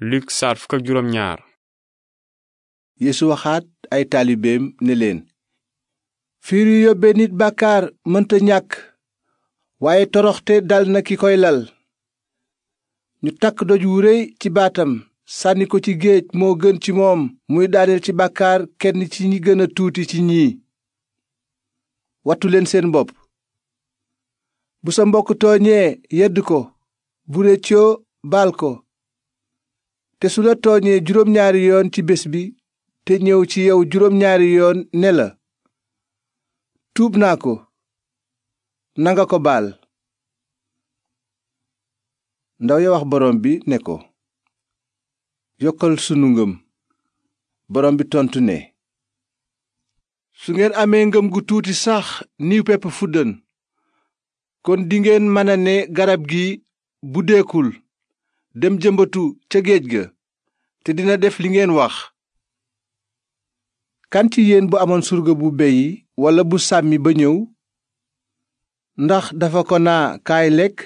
Luk saar fukk waxaat ay taalibeem ne leen fiir yu yóbbe nit bàkkaar mënta ñàkk waaye toroxte dal na ki koy lal ñu takk doj wu réy ci baatam sànni ko ci géej moo gën ci moom muy daaneel ci bàkkaar kenn ci ñi gën a tuuti ci ñii wattu leen seen bopp bu sa mbokk tooñee yedd ko bu réccoo baal ko te su la tooñee juróom ñaari yoon ci bés bi te ñëw ci yow juróom ñaari yoon ne la tuub naa ko nanga ko baal ndaw ya wax borom bi ne ko yokkal sunu ngëm borom bi tontu ne su ngeen amee ngëm gu tuuti sax niw pepp fuddën kon dingeen mën a ne garab gi buddeekul dem jëmbatu ca géej ga te dina def li ngeen wax kan yéen bu amoon surga bu beyi walla bu sàmmi ba ñów ndax dafa ko naa kaay lekk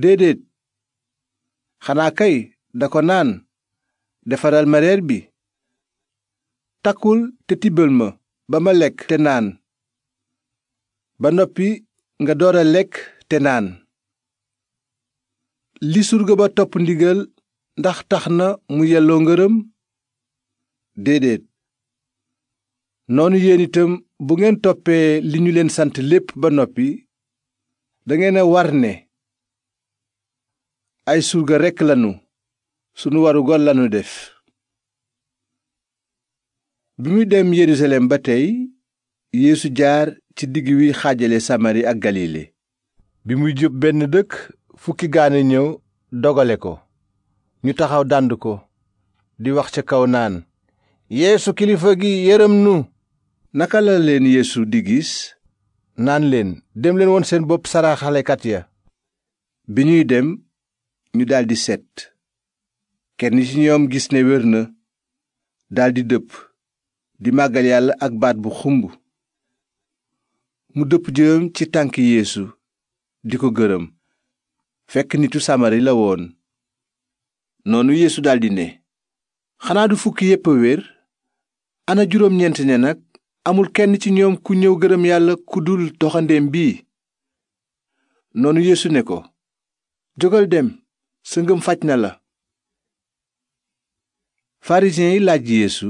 déedéet xanaa kay da ko naan defaral ma reer bi takkul te tibbal ma ba ma lekk te naan ba noppi nga door a lekk te naan li surga ba topp ndigal ndax tax na mu yelloo ngërëm déedéet noonu yéen itam bu ngeen toppee li ñu leen sant lépp ba noppi dangeen a war ne ay surga rekk lanu sunu warugar lanu def bi muy dem yerusalem ba tey yéesu jaar ci digg wi xaajale samari ak galile bi muy jub benn dëkk fukki gaane ñëw dogale ko ñu taxaw dànd ko di wax ca kaw naan yéesu kilifa gi yërëm nu naka la leen yeesu di gis naan leen dem leen seen bopp saraxalekat ya bi ñuy dem ñu daldi set kenn ci ñoom gis ne wér na daldi dëpp di màggal yàlla ak baat bu xumb mu dëpp jëm ci tànk yeesu di ko gërëm fekk nitu samari la woon noonu yéesu daldi ne xanaa du fukki yépp a wér ana juróom ñeent ne nag amul kenn ci ñoom ku ñëw gërëm yàlla ku dul doxandeem bi noonu yéesu ne ko jógal dem sa ngëm faj na la pharisien yi laaj yeesu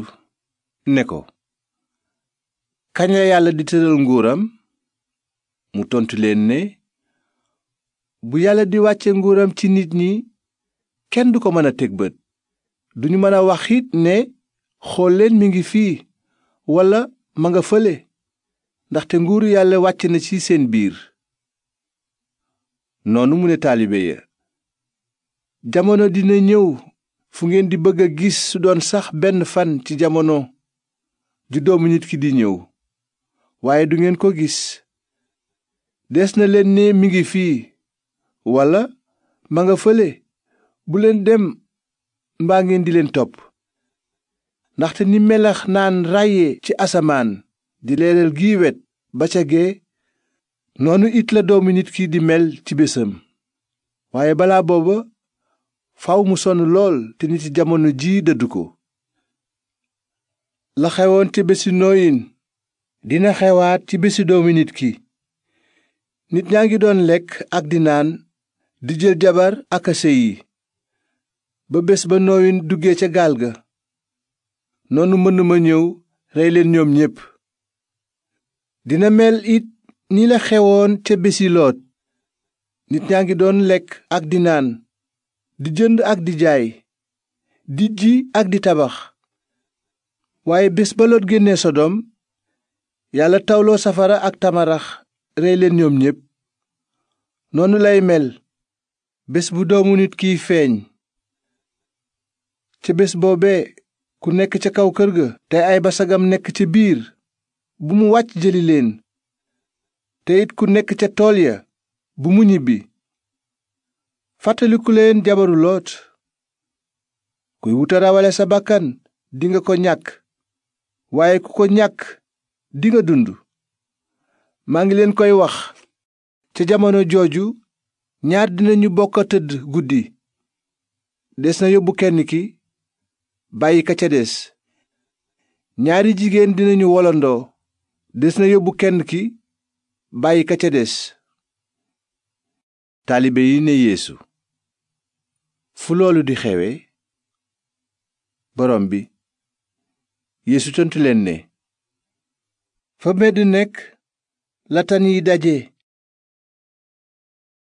ne ko kañ yàlla di tëral nguuram mu tontu leen ne bu yàlla di wàcce nguuram ci nit ñi kenn du ko mën a teg bët duñu mën a wax ne xool mi ngi fii walla ma nga fële ndaxte nguur yàlla wàcc na ci seen biir noonu mu ne taalibe ya jamono dina ñëw fu ngeen di bëgg a gis su doon sax benn fan ci jamono ju doomu nit ki di ñëw waaye du ngeen ko gis des na leen ne mi ngi fii walla ma nga fële bu leen dem mbaa ngeen di leen topp ndaxte ni melax naan ràyye ci asamaan di leeral gii wet ba ca gee noonu it la doomu nit ki di mel ci bésam waaye balaa booba faw mu sonn lool te nit jamono jii dëddu ko la xewoon ci bési nooyin dina xewaat ci bési doomu nit ki nit ñaa ngi doon lekk ak di naan di jël jabar ak a sëy yi ba bés ba nooyin duggee ca gaal ga noonu mën ma ñëw rey leen ñoom ñépp dina mel it ni la xewoon ca bési loot nit ñaa ngi doon lekk ak di naan di jënd ak di jaay di ji ak di tabax waaye bés ba loot génnee sodom yàlla tawloo safara ak tamarax rey leen ñoom ñépp noonu lay mel bés bu doomu nit kiy feeñ ca bés boobee ku nekk ca kaw kër ga te ay basagam nekk ca biir bu mu wàcc jëli leen te it ku nekk ca tool ya bu mu ñibbi fàttaliku leen jabaru loot kuy wuta rawale sa bakkan dinga ko ñàkk waaye ku ko ñàkk dinga dund maa ngi leen koy wax ca jamono jooju ñaar dinañu bokk a tëdd guddi des na yóbbu kenn ki bàyyi ka ca des ñaari jigéen dinañu wolandoo des na yóbbu kenn ki bàyyi ka ca des taalibe yi ne yeesu fu loolu di xewe borom bi yeesu tontu leen ne fa medd nekk la yi daje